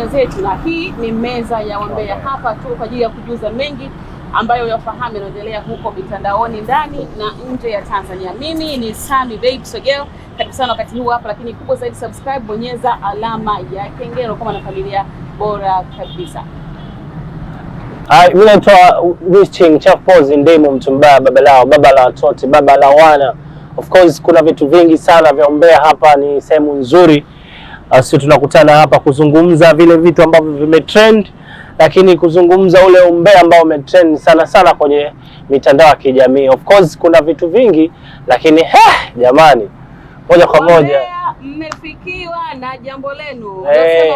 wenzetu, na hii ni meza ya Wambea hapa tu kwa ajili ya kujuza mengi ambayo yafahamu yanaendelea huko mitandaoni ndani na nje ya Tanzania. Mimi ni Sami Babe Sogel, karibu sana wakati huu hapa, lakini kubwa zaidi subscribe, bonyeza alama ya kengele kama na familia bora kabisa. Mimi naitwa Wisting Chapozi Ndimu, mtu baba lao, baba la watoto, baba la wana. Of course kuna vitu vingi sana vya umbea hapa, ni sehemu nzuri Ah, sio tunakutana hapa kuzungumza vile vitu ambavyo vimetrend, lakini kuzungumza ule umbea ambao umetrend sana sana kwenye mitandao ya kijamii. Of course kuna vitu vingi, lakini he, jamani, moja kwa moja mmefikiwa na jambo lenu hey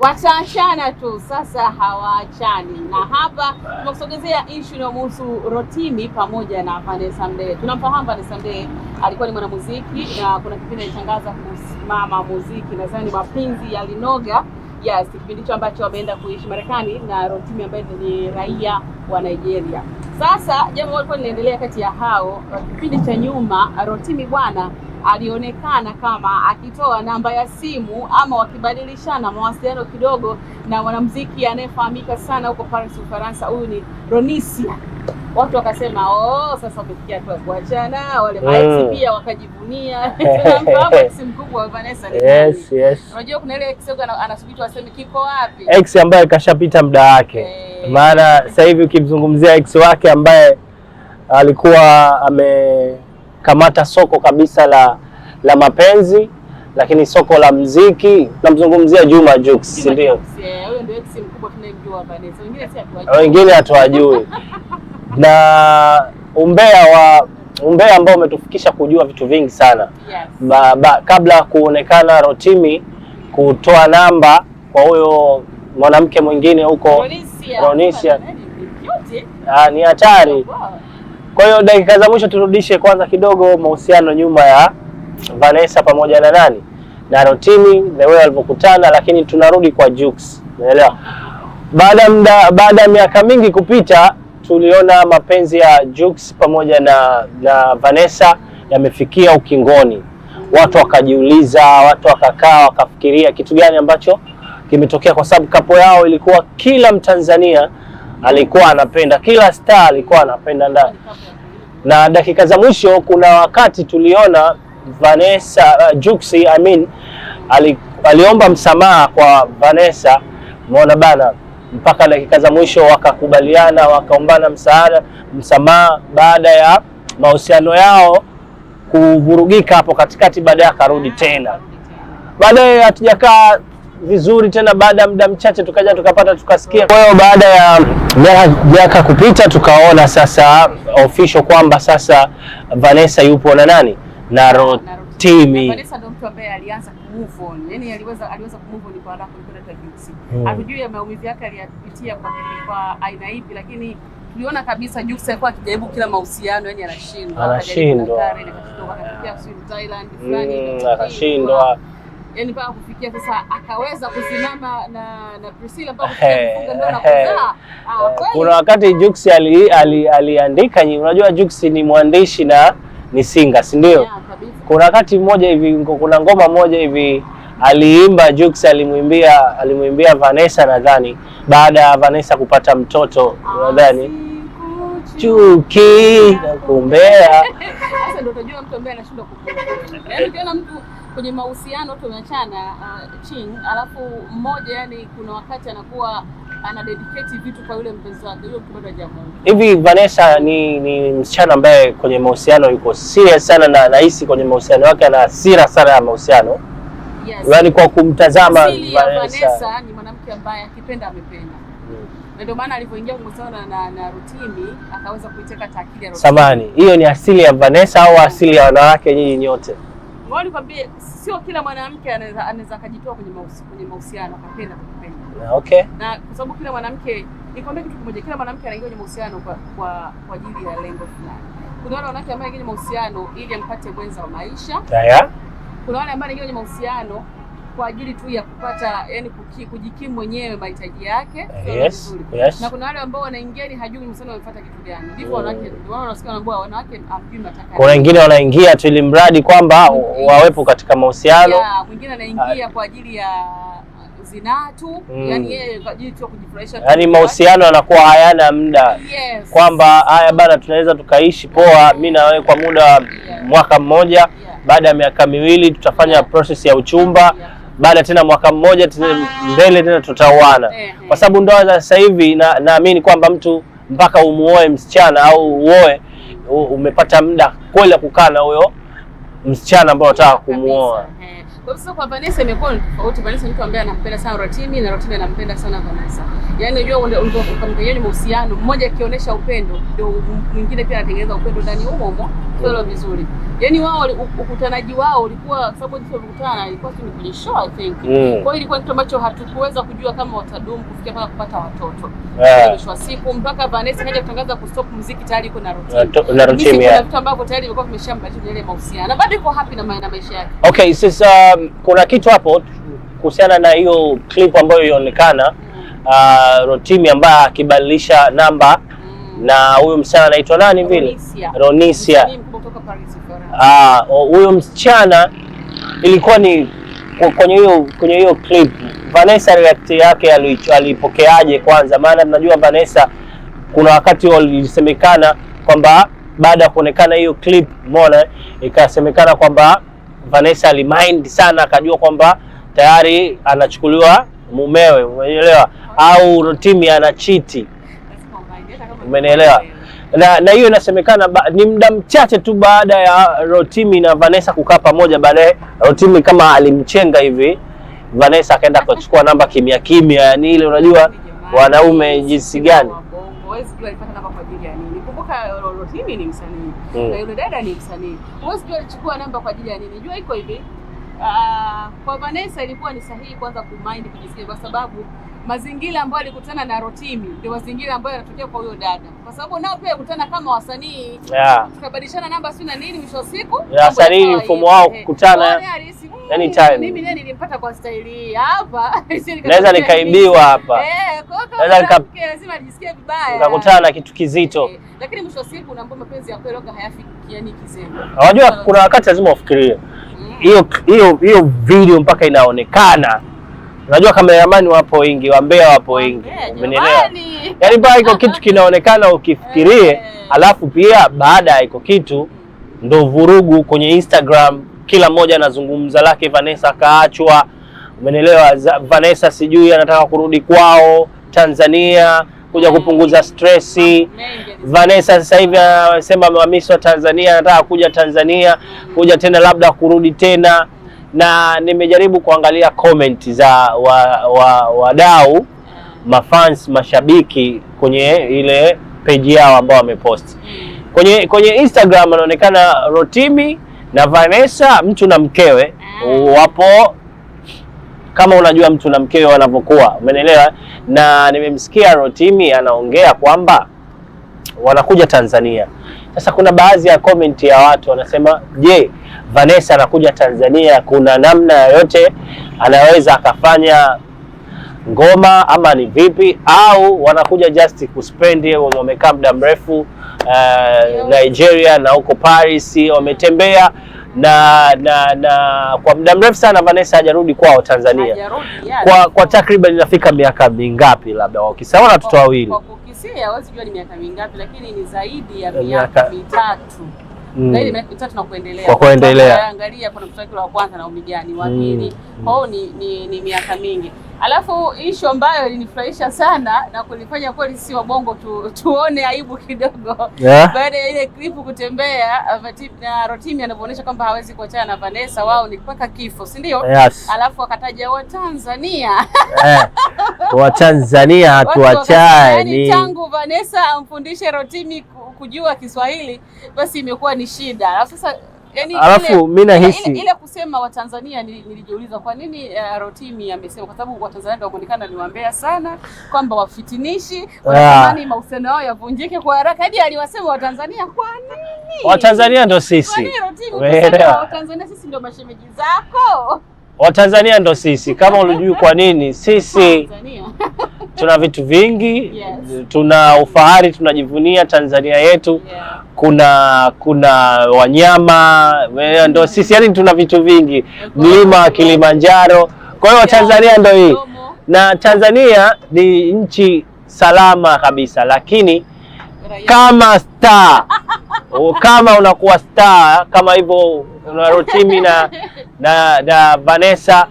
wataachana tu sasa, hawaachani. Na hapa tunakusogezea ishu inayomhusu Rotimi pamoja na Vanessa Mdee. Tunamfahamu Vanessa Mdee alikuwa ni mwanamuziki na kuna kipindi alitangaza kusimama muziki, nadhani mapenzi yalinoga. Yes, kipindi hicho ambacho wameenda kuishi Marekani na Rotimi ambaye ni raia wa Nigeria. Sasa jambo lilikuwa linaendelea kati ya hao, kipindi cha nyuma Rotimi bwana alionekana kama akitoa namba ya simu ama wakibadilishana mawasiliano kidogo na mwanamuziki anayefahamika sana huko Paris, Ufaransa. Huyu ni Ronisia. Watu wakasema oh, sasa wamefikia tu kuachana. Wale mm. maiti pia wakajivunia. Tunamfahamu ex mkubwa wa Vanessa. Yes, yes. Unajua kuna ile ex anasubiri waseme kiko wapi, ex ambaye kashapita muda wake hey. Eh. Maana sasa hivi ukimzungumzia ex wake ambaye alikuwa ame kamata soko kabisa la la mapenzi lakini soko la mziki, namzungumzia Juma Jux, si ndio? Wengine hatuwajui na umbea wa umbea ambao umetufikisha kujua vitu vingi sana yes. Ba, ba, kabla kuonekana Rotimi kutoa namba kwa huyo mwanamke mwingine huko Ronisia, ah, ni hatari kwa hiyo dakika za mwisho turudishe kwanza kidogo mahusiano nyuma ya Vanessa pamoja na nani na Rotimi, the way walivyokutana, lakini tunarudi kwa Jux, unaelewa. Baada muda baada ya miaka mingi kupita, tuliona mapenzi ya Jux pamoja na na Vanessa yamefikia ukingoni. Watu wakajiuliza, watu wakakaa wakafikiria kitu gani ambacho kimetokea, kwa sababu kapo yao ilikuwa kila Mtanzania alikuwa anapenda kila star alikuwa anapenda ndani. Na dakika za mwisho, kuna wakati tuliona Vanessa uh, Juksi I mean, ali, aliomba msamaha kwa Vanessa, umeona bana, mpaka dakika za mwisho wakakubaliana, wakaombana msaada msamaha baada ya mahusiano yao kuvurugika hapo katikati, baadaye akarudi tena. Baadaye hatujakaa vizuri tena, baada ya muda mchache tukaja tukapata tukasikia. Kwa hiyo baada ya miaka kupita, tukaona sasa official kwamba sasa Vanessa yupo na nani na Rotimi. Vanessa ndo mtu ambaye alianza kumove on, yani aliweza aliweza kumove on kwa haraka kuliko Tajux. Hmm. Hatujui ya maumivu yake aliyapitia kwa kwa aina ipi, lakini tuliona kabisa Jux alikuwa akijaribu kila mahusiano, yani anashindwa, anashindwa, Thailand fulani hmm, akashindwa yani mpaka kufikia sasa akaweza kusimama na na Priscilla mpaka kufunga ndoa na kuzaa. Ah, eh, kuna wakati Jux aliandika ali, ali, ali unajua Jux ni mwandishi na ni singa, si ndio? Yeah, kuna wakati mmoja hivi, kuna ngoma moja hivi aliimba Jux, alimwimbia alimwimbia Vanessa nadhani, baada ya Vanessa kupata mtoto nadhani chuki na kumbea. Sasa ndio utajua mtu ambaye anashindwa kukumbea. Yaani ukiona mtu kwenye mahusiano tumeachana uh, ching alafu mmoja yani, kuna wakati anakuwa ana dedicate vitu kwa yule mpenzi wake. Hiyo kibada cha Mungu. Hivi Vanessa ni ni msichana ambaye kwenye mahusiano yuko serious sana, na anahisi kwenye mahusiano yake ana hasira sana ya mahusiano yes. Yani kwa kumtazama Vanessa, Vanessa ni mwanamke ambaye akipenda amependa mm. na ndio maana alipoingia kuhusiana na, na Rutimi akaweza kuiteka taakili ya Rutimi. Samani, hiyo ni asili ya Vanessa au asili ya wanawake nyinyi nyote? Ngoja nikwambie, sio kila mwanamke anaweza anaweza akajitoa kwenye kwenye mahusiano akapenda kukupenda. Ah, okay. Na kwa sababu kila mwanamke, nikwambie kitu kimoja, kila mwanamke anaingia kwenye mahusiano kwa kwa kwa ajili ya lengo fulani. Kuna wale wanawake ambao wanaingia kwenye mahusiano ili ampate mwenza wa maisha. Haya. Kuna wale ambao wanaingia kwenye mahusiano kwa ajili tu ya kupata yani kujikimu mwenyewe mahitaji yake. Yes, yes. Na kuna wale ambao wanaingia ni hajui msana wamefuata kitu gani. Ndipo mm. wanawake wanasikia wanaambiwa wanawake hapima mataka. Kuna wengine wanaingia tu ili mradi kwamba mm, yes. wawepo katika mahusiano. yeah, Mwingine anaingia ah. kwa ajili ya zinaa tu, mm. Yani yeye kwa ajili tu kujifurahisha. Yani mahusiano yanakuwa hayana muda. Yes. Kwamba haya bana, tunaweza tukaishi poa, mm. mimi na wewe kwa muda wa yeah. mwaka mmoja yeah. Baada ya miaka miwili tutafanya yeah. process ya uchumba yeah baada tena mwaka mmoja tena ah. mbele tena tutauana, eh, eh. kwa sababu ndoa za sasa hivi naamini na kwamba mtu mpaka umuoe msichana au uoe umepata muda kweli kukaa na huyo msichana ambaye unataka kumuoa. Eh. Kwa sababu kwa Vanessa imekuwa tofauti. Vanessa mtu ambaye anampenda sana Rotimi na Rotimi anampenda sana Vanessa. Yaani unajua unapokamilisha mahusiano, mmoja akionyesha upendo ndio mwingine pia anatengeneza upendo ndani humo humo. Sio vizuri. Yaani wao ukutanaji wao ulikuwa sababu ndipo tulikutana ilikuwa tu ni kwenye show I think. Mm. Kwa hiyo ilikuwa kitu ambacho hatukuweza kujua kama watadumu kufikia mpaka kupata watoto. Yaani mwisho wa siku mpaka Vanessa ikaja kutangaza kustop muziki tayari iko na Rotimi. Na Rotimi. Kuna vitu ambavyo tayari ilikuwa vimeshambadilisha ile mahusiano. Na bado iko happy na maisha yake. Okay, sasa um, kuna kitu hapo kuhusiana na hiyo clip ambayo ilionekana uh, Rotimi ambaye akibadilisha namba na huyu msichana anaitwa nani vile Ronisia, ah, huyo msichana ilikuwa ni kwenye hiyo kwenye hiyo clip Vanessa react yake alipokeaje kwanza? Maana tunajua Vanessa kuna wakati walisemekana kwamba baada ya kuonekana hiyo clip, mona ikasemekana kwamba Vanessa alimind sana, akajua kwamba tayari anachukuliwa mumewe, umenielewa? Au Rotimi ana chiti, umenielewa? Na na hiyo inasemekana ni muda mchache tu baada ya Rotimi na Vanessa kukaa pamoja. Baadaye Rotimi kama alimchenga hivi, Vanessa akaenda kuchukua namba kimya kimya, yani ile unajua wanaume jinsi gani huwezi jua alipata namba kwa ajili ya nini. Kumbuka Rotimi ni msanii mm. na yule dada ni msanii, huwezi jua alichukua namba kwa ajili ya nini. Jua iko hivi uh, kwa Vanessa ilikuwa ni sahihi kwanza kumind kujisikia, kwa sababu mazingira ambayo alikutana na Rotimi ndio mazingira ambayo yanatokea kwa huyo dada, kwa sababu nao pia alikutana kama wasanii yeah. tukabadilishana namba sio na nini, mwisho wa siku yeah, wasanii mfumo wao eh. kukutana anytime. Mimi naye nilimpata kwa staili hii hapa. Naweza nikaibiwa hapa. Eh, Naweza lazima nijisikie vibaya. nakutana na kitu kizito. Eh, lakini mwisho wa siku unaambia mapenzi ya kweli hayafiki yani kizembe. Unajua kuna wakati lazima ufikirie. Mm. Hiyo hiyo hiyo video mpaka inaonekana. Unajua kameramani wapo wengi, wambea wapo wengi. Umenielewa? Yaani pale iko kitu kinaonekana ukifikirie, eh. alafu pia baada ya iko kitu ndo vurugu kwenye Instagram kila mmoja anazungumza lake. Vanessa akaachwa, umenielewa? Vanessa sijui anataka kurudi kwao Tanzania kuja kupunguza stressi Vanessa sasa hivi anasema amewamisi wa Tanzania, anataka kuja Tanzania, kuja tena labda kurudi tena. Na nimejaribu kuangalia comment za wadau wa, wa mafans mashabiki kwenye ile page yao ambao wamepost kwenye kwenye Instagram, anaonekana Rotimi na Vanessa mtu na mkewe ah. wapo kama unajua mtu na mkewe wanavyokuwa, umeelewa? Na nimemsikia Rotimi anaongea kwamba wanakuja Tanzania. Sasa kuna baadhi ya comment ya watu wanasema, je, Vanessa anakuja Tanzania, kuna namna yoyote anaweza akafanya ngoma ama ni vipi? Au wanakuja just kuspendi, wamekaa muda mrefu uh, Nigeria na huko Paris wametembea na na na kwa muda mrefu sana Vanessa hajarudi kwao Tanzania. Hajarudi, yeah, kwa kwa takriban inafika miaka mingapi labda wakisawa na watoto wawili. Kwa kukisia hawezi kujua ni miaka mingapi lakini ni zaidi ya eh, miaka mitatu. Mm. kwa kuendelea, angalia kuna mswaki wa kwanza na umijani wa mm. pili mm. kwao ni, ni, ni miaka mingi. Alafu ishu ambayo ilinifurahisha sana na kunifanya kweli si wabongo tu, tuone aibu kidogo yeah. baada ya ile klipu kutembea na Rotimi anavyoonyesha kwamba hawezi kuachana na Vanessa, mm. wao ni mpaka kifo, si ndio? yes. alafu akataja Watanzania eh, Watanzania hatuachani tangu Vanessa amfundishe Rotimi kujua Kiswahili basi imekuwa ni shida. Alafu sasa yani, alafu mimi nahisi ile kusema Watanzania nilijiuliza kwa nini uh, Rotimi amesema, kwa sababu Watanzania ndio kuonekana ni wambea sana, kwamba wafitinishi, wanatamani ah. mahusiano yao yavunjike kwa haraka. Hadi aliwasema Watanzania, kwa nini Watanzania ndio sisi? Watanzania sisi ndio mashemeji zako. Watanzania ndio sisi, kama ulijui kwa nini sisi tuna vitu vingi yes. Tuna ufahari, tunajivunia Tanzania yetu yeah. Kuna kuna wanyama yeah. Ndo mm. sisi yani tuna vitu vingi, mlima wa Kilimanjaro. Kwa hiyo Tanzania ndo hii, na Tanzania ni nchi salama kabisa, lakini kama star oh, kama unakuwa star kama hivyo na Rotimi na, na, Vanessa,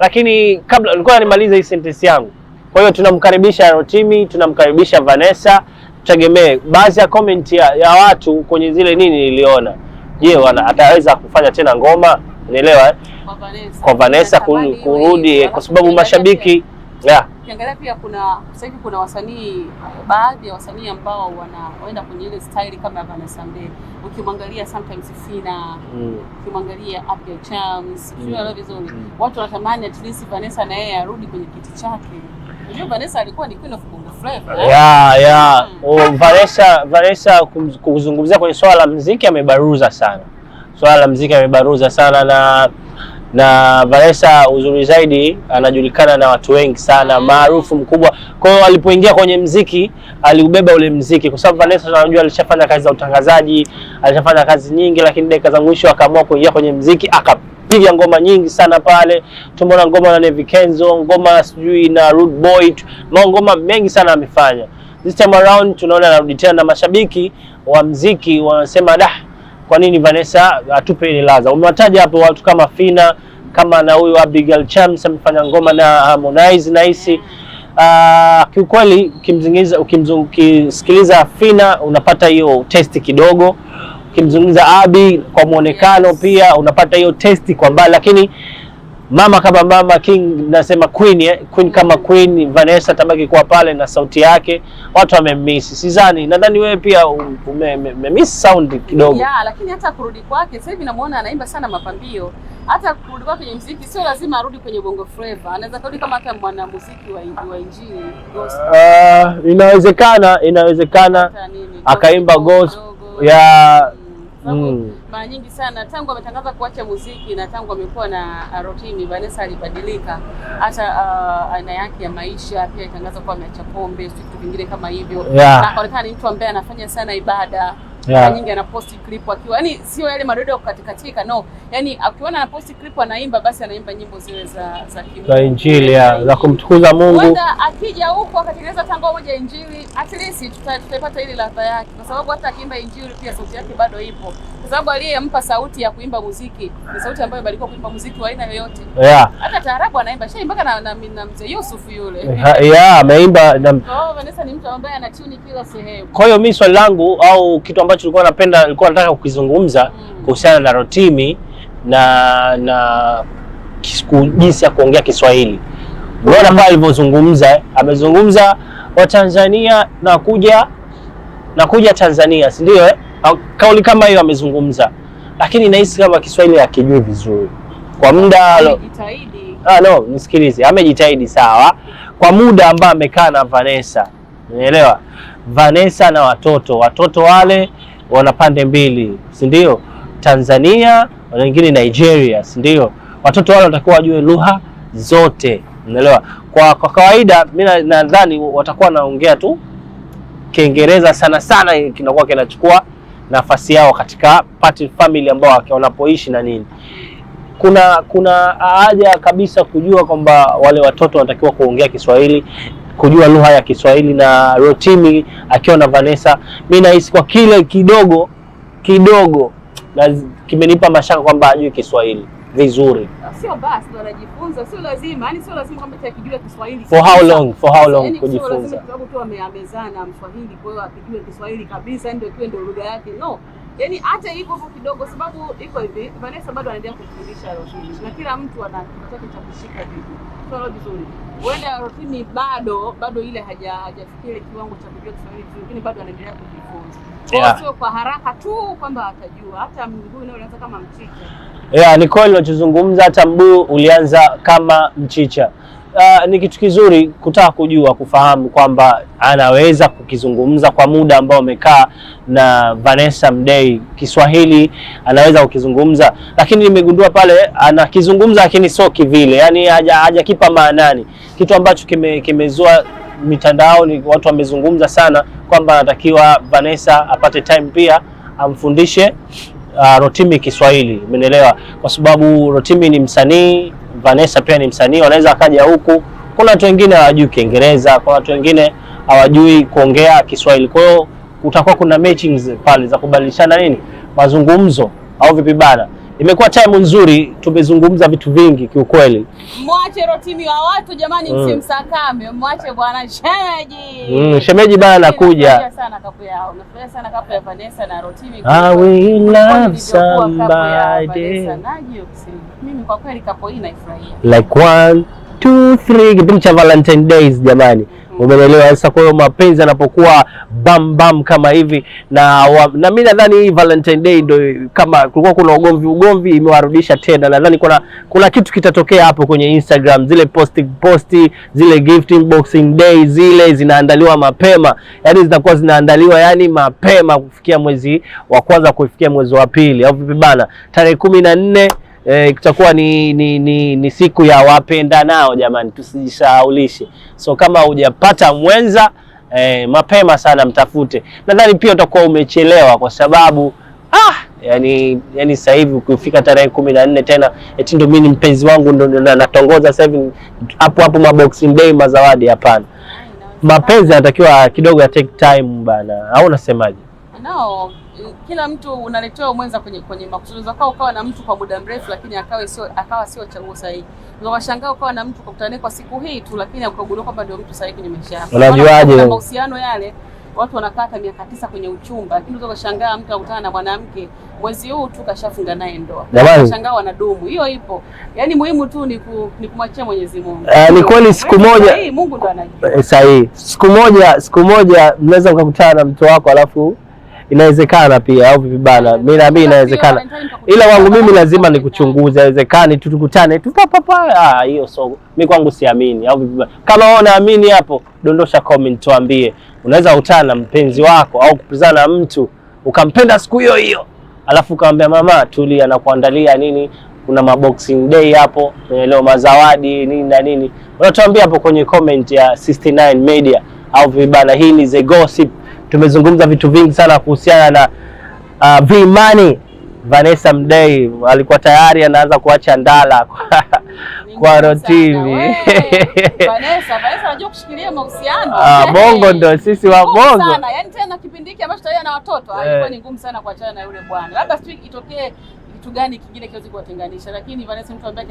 lakini kabla nilikuwa nimalize hii sentence yangu kwa hiyo tunamkaribisha Rotimi, tunamkaribisha Vanessa, tutegemee baadhi ya comment ya, ya watu kwenye zile nini niliona. Je, wana ataweza kufanya tena ngoma? Unaelewa eh? Kwa Vanessa, kwa Vanessa kurudi, kwa, kwa sababu mashabiki ya kiangalia pia kuna sasa hivi kuna wasanii eh, baadhi ya wasanii ambao wanaenda kwenye ile style kama ya Vanessa Mdee. Ukimwangalia sometimes Fina, mm. ukimwangalia Abigail Chams, mm. vizuri. Mm. Watu wanatamani at least Vanessa na yeye arudi kwenye kiti chake. Vanessa, hmm. oh, kuzungumzia kwenye swala la mziki amebaruza sana, swala la mziki amebaruza sana na na Vanessa uzuri zaidi anajulikana na watu wengi sana, hmm. maarufu mkubwa. Kwa hiyo alipoingia kwenye mziki aliubeba ule mziki, kwa sababu Vanessa tunajua alishafanya kazi za utangazaji, alishafanya kazi nyingi, lakini dakika za mwisho akaamua kuingia kwenye mziki aka piga ngoma nyingi sana pale. Tumeona ngoma na nevikenzo Kenzo, ngoma sijui na Rude Boy, ngoma mengi sana amefanya. This time around tunaona anarudi tena, na mashabiki wa mziki wanasema da, kwa nini Vanessa atupe ile laza? Umewataja hapo watu kama Fina kama na huyu Abigail Chams amefanya ngoma na Harmonize hisi Uh, ah, kiukweli ukimzingiza Fina unapata hiyo testi kidogo kimzungumza Abi kwa mwonekano pia unapata hiyo testi mbali, lakini mama kama mama, king nasema queen, eh? Queen kama queen, Vanessa tabaki kuwa pale na sauti yake, watu wamemiss. Sizani, nadhani wewe pia umemiss ume, sound kidogo ya, lakini hata kurudi kwake sasa hivi namuona anaimba sana mapambio. Hata kurudi kwake kwenye muziki sio lazima arudi kwenye bongo flavor, anaweza kurudi kama hata mwanamuziki wa injili gospel. Uh, inawezekana inawezekana akaimba gospel ya sababu mm. mara nyingi sana tangu ametangaza kuacha muziki na tangu amekuwa na rutini, Vanessa alibadilika hata uh, aina yake ya maisha pia, alitangaza kuwa ameacha pombe, vitu vingine kama hivyo yeah. na akaonekana ni mtu ambaye anafanya sana ibada yeah. nyingi anaposti clip akiwa yani, sio yale madodo ya kukatikatika no, yani akiona anaposti clip anaimba, basi anaimba nyimbo zile za za kimungu za Injili ya za kumtukuza Mungu. Wanda, akija huko akatengeneza tango moja Injili, at least tutaipata ile ladha yake, kwa sababu hata akiimba Injili pia sauti yake bado ipo, kwa sababu aliyempa sauti ya kuimba muziki ni sauti ambayo alikuwa kuimba muziki wa aina yoyote yeah. hata taarabu anaimba shai mpaka na, na, na mzee Yusuf yule yeah, ameimba na... oh, Vanessa ni mtu ambaye anatuni kila sehemu. Kwa hiyo mimi swali langu au kitu ambacho ambacho nilikuwa napenda nilikuwa nataka kukizungumza kuhusiana na Rotimi na na jinsi ya kuongea Kiswahili. Unaona pale alivyozungumza, amezungumza Watanzania nakuja nakuja Tanzania, si ndio? Eh? Kauli kama hiyo amezungumza, lakini nahisi kama Kiswahili hakijui vizuri kwa muda amejitahidi. Ah, no, nisikilize, amejitahidi sawa, kwa muda ambao amekaa na Vanessa, unaelewa Vanessa na watoto watoto wale wana pande mbili, si ndio? Tanzania na wengine Nigeria, si ndio? Watoto wale watakuwa wajue lugha zote, unaelewa. Kwa, kwa kawaida mimi nadhani watakuwa wanaongea tu Kiingereza sana sana, kinakuwa kinachukua nafasi yao katika party family ambao wanapoishi na nini. Kuna kuna haja kabisa kujua kwamba wale watoto wanatakiwa kuongea Kiswahili kujua lugha ya Kiswahili na Rotimi akiwa na Vanessa, mimi nahisi kwa kile kidogo kidogo na kimenipa mashaka kwamba ajui Kiswahili vizuri. Sio basi ndo anajifunza, sio lazima, yani sio lazima kwamba atakijua Kiswahili. For how long? For how long kujifunza? kwa sababu tu ameamezana Mswahili, kwa hiyo akijue Kiswahili kabisa ndio kiwe ndio lugha yake. No yani hata hivyo hivyo kidogo, sababu iko hivi, Vanessa bado anaendelea kufundisha Rotini na kila mtu ana kitu chake cha kushika vitu sio vizuri. Huenda Rotini bado bado ile haja hajafikia kiwango cha kujua Kiswahili vizuri, lakini bado anaendelea kujifunza yeah. Sio kwa haraka tu kwamba atajua, hata mguu nao unaanza kama mchicha yeah. Ni kweli unachozungumza, hata mguu ulianza kama mchicha uh, ni kitu kizuri kutaka kujua kufahamu kwamba anaweza kukizungumza kwa muda ambao amekaa na Vanessa Mdee. Kiswahili anaweza kukizungumza, lakini nimegundua pale anakizungumza, lakini sio kivile, yani hajakipa maanani, kitu ambacho kime, kimezua mitandaoni. Watu wamezungumza sana kwamba anatakiwa Vanessa apate time pia amfundishe uh, Rotimi Kiswahili, umeelewa? Kwa sababu Rotimi ni msanii Vanessa pia ni msanii, wanaweza akaja huku. Kuna watu wengine hawajui Kiingereza, kuna watu wengine hawajui kuongea Kiswahili. Kwa hiyo kutakuwa kuna meetings pale za kubadilishana nini, mazungumzo au vipi bana. Imekuwa time nzuri, tumezungumza vitu vingi kiukweli. Mwache rotimi wa watu jamani, mm. msimsakame, mwache bwana shemeji. Mm, shemeji bana anakuja. I will love somebody. Like one, two, three kipindi cha Valentine Days jamani. Mm. Umeelewa sasa. Kwa hiyo mapenzi yanapokuwa bam bam kama hivi na wa, na mimi nadhani hii Valentine Day ndio kama kulikuwa kuna ugomvi ugomvi, imewarudisha tena. Nadhani kuna kuna kitu kitatokea hapo kwenye Instagram, zile posting posti zile gifting boxing day zile zinaandaliwa mapema, yani zitakuwa zinaandaliwa yani mapema kufikia mwezi wa kwanza kufikia mwezi wa pili au vipi bana, tarehe kumi na nne eh, kutakuwa ni, ni, ni, ni siku ya wapenda nao jamani, tusijisahaulishe. So kama hujapata mwenza eh, mapema sana mtafute. Nadhani pia utakuwa umechelewa kwa sababu ah, yani yani sasa hivi ukifika tarehe kumi na nne tena eti ndo mimi mpenzi wangu ndo natongoza sasa hivi hapo hapo maboxing day mazawadi, hapana. Mapenzi anatakiwa kidogo ya take time bana, au unasemaje? No kila mtu unaletewa mwenza kwenye kwenye makusudi. Unaweza ukawa na mtu kwa muda mrefu, lakini akawa sio akawa sio chaguo sahihi. Unawashangaa ukawa na mtu kukutana kwa siku hii tu, lakini ukagundua kwamba ndio mtu sahihi kwenye maisha yako. Unajuaje mahusiano yale? Watu wanakaa miaka tisa kwenye uchumba, lakini unaweza kushangaa mtu akutana na mwanamke mwezi huu tu kashafunga naye ndoa, unashangaa wanadumu. Hiyo ipo, yani muhimu tu ni kumwachia Mwenyezi Mungu. Eh, ni kweli, siku moja Mungu ndo anajua eh, sahihi. Siku moja, siku moja mnaweza mkakutana na mtu wako alafu inawezekana pia, au vipi bana? Mimi naamini inawezekana, ila wangu mimi lazima nikuchunguze. Haiwezekani tu pa pa pa, ah, hiyo so mimi kwangu siamini, au vipi Kama wewe unaamini hapo, dondosha comment, tuambie. Unaweza kutana mpenzi wako au kupizana na mtu ukampenda siku hiyo hiyo, alafu ukamwambia mama, tulia, anakuandalia nini kuna maboxing day hapo, eh, leo mazawadi nini na nini, unatuambia hapo kwenye comment ya 69 Media au vibana. Hii ni The Gossip tumezungumza vitu vingi sana kuhusiana na uh, Vimani Vanessa Mdee alikuwa tayari anaanza kuacha ndala kwa, kwa rotini Vanessa, ah, bongo ndo sisi wa bongo sana. Ah, kingine kuwatenganisha, lakini Vanessa mtu ambaye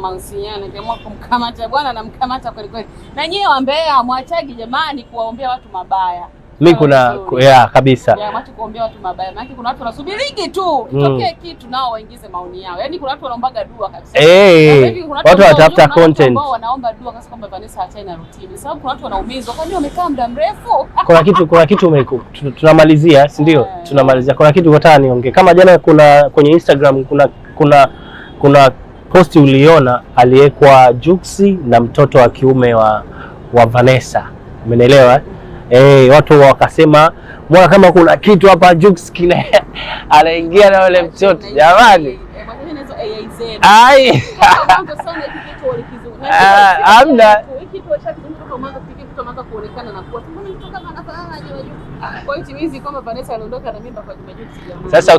mahusiano, kumkamata bwana, anamkamata kweli kweli. Na nyewe wambea mwachagi jamani, kuwaombea watu mabaya mi kuna ya kabisa ya watu kuombea watu mabaya, maana kuna watu wanasubiriki tu kitokee mm. kitu nao waingize maoni yao. Yaani kuna watu wanaombaga dua kabisa, eh, yaani eh, eh. watu wanatafuta content, wao wanaomba dua kasi kwamba Vanessa hachaina routine, sababu kuna watu wanaumizwa, kwani wamekaa muda mrefu. Kuna kitu kuna kitu tunamalizia, si ndio? Eh. Tunamalizia, kuna kitu nataka niongee. Kama jana kuna kwenye Instagram kuna kuna kuna posti uliona, aliyekwa Juksi na mtoto wa kiume wa wa Vanessa, umenielewa? Eh, watu wakasema mbona kama kuna kitu hapa Jux kina anaingia na yule mtoto jamani. Eh, Ai. Ah, Amna. Sasa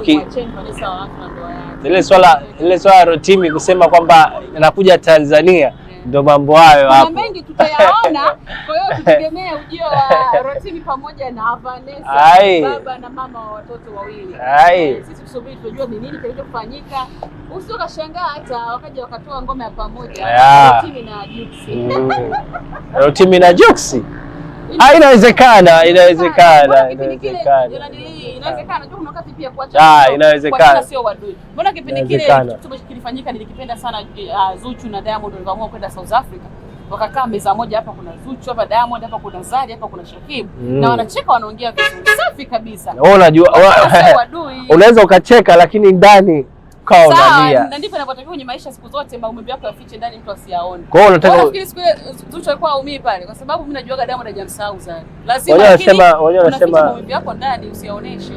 ile swala ile swala Rotimi kusema kwamba nakuja Tanzania ndo mambo hayo hapo. Mengi tutayaona, kwa hiyo tutegemea ujio wa Rotimi pamoja na Vanessa, baba na mama wa watoto wawili. Eh, sisi tusubiri tujue ni nini kilichofanyika, usio kashangaa hata wakaja wakatoa ngoma ya pamoja Rotimi na Juksi. Mm. Rotimi na Juksi, inawezekana, ah, inawezekana, inawezekana Inawezekana tu kuna wakati pia kuacha. Ah, inawezekana. Sio wadudu. Mbona kipindi kile kitu kilifanyika nilikipenda sana uh, Zuchu na Diamond walivyoamua kwenda South Africa. Wakakaa meza moja, hapa kuna Zuchu, hapa Diamond, hapa kuna Zari, hapa kuna Shakibu mm. na wanacheka wanaongea vizuri safi kabisa. Wewe unajua unaweza ukacheka lakini ndani ukawa unalia. Na ndivyo inavyotakiwa kwenye maisha siku zote, maumivu yako yafiche ndani mtu asiyaone. Kwa hiyo unataka nafikiri siku ile eh, Zuchu alikuwa haumii pale kwa sababu mimi najuaga Diamond hajamsahau sana. Lazima wanasema wanasema maumivu yako ndani usiyaoneshe.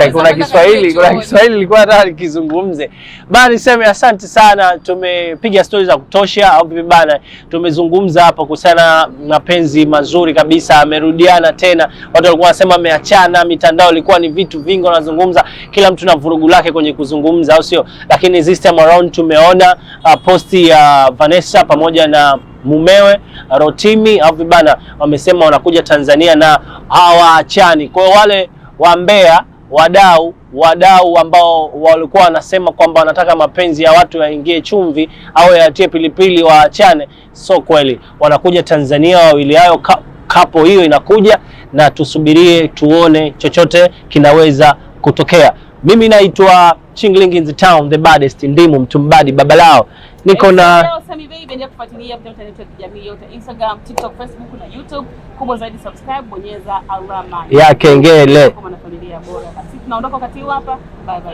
Eh, kuna Kiswahili kuna Kiswahili ilikuwa nataka nikizungumze bana, niseme asante sana. Tumepiga stori za kutosha, au vipi bana? Tumezungumza hapa kuhusiana mapenzi mazuri kabisa, amerudiana tena. Watu walikuwa wanasema ameachana, mitandao ilikuwa ni vitu vingi wanazungumza, kila mtu na vurugu lake kwenye kuzungumza, au sio? Lakini this time around tumeona uh, posti ya uh, Vanessa pamoja na mumewe uh, Rotimi, au vipi bana, wamesema wanakuja Tanzania na hawaachani. Kwa wale wa Mbeya wadau wadau ambao walikuwa wanasema kwamba wanataka mapenzi ya watu yaingie chumvi au yatie pilipili waachane. So kweli wanakuja Tanzania wawili hayo kapo, hiyo inakuja na tusubirie tuone, chochote kinaweza kutokea. Mimi naitwa Chingling in the town, the baddest, ndimu mtumbadi babalao niko na Sammy Baby, endelea kufuatilia mtandao wetu wa kijamii yote Instagram, TikTok, Facebook na YouTube. Kubwa zaidi subscribe, bonyeza alama ya kengele. Kama na familia bora. Sisi tunaondoka wakati hapa. Bye bye.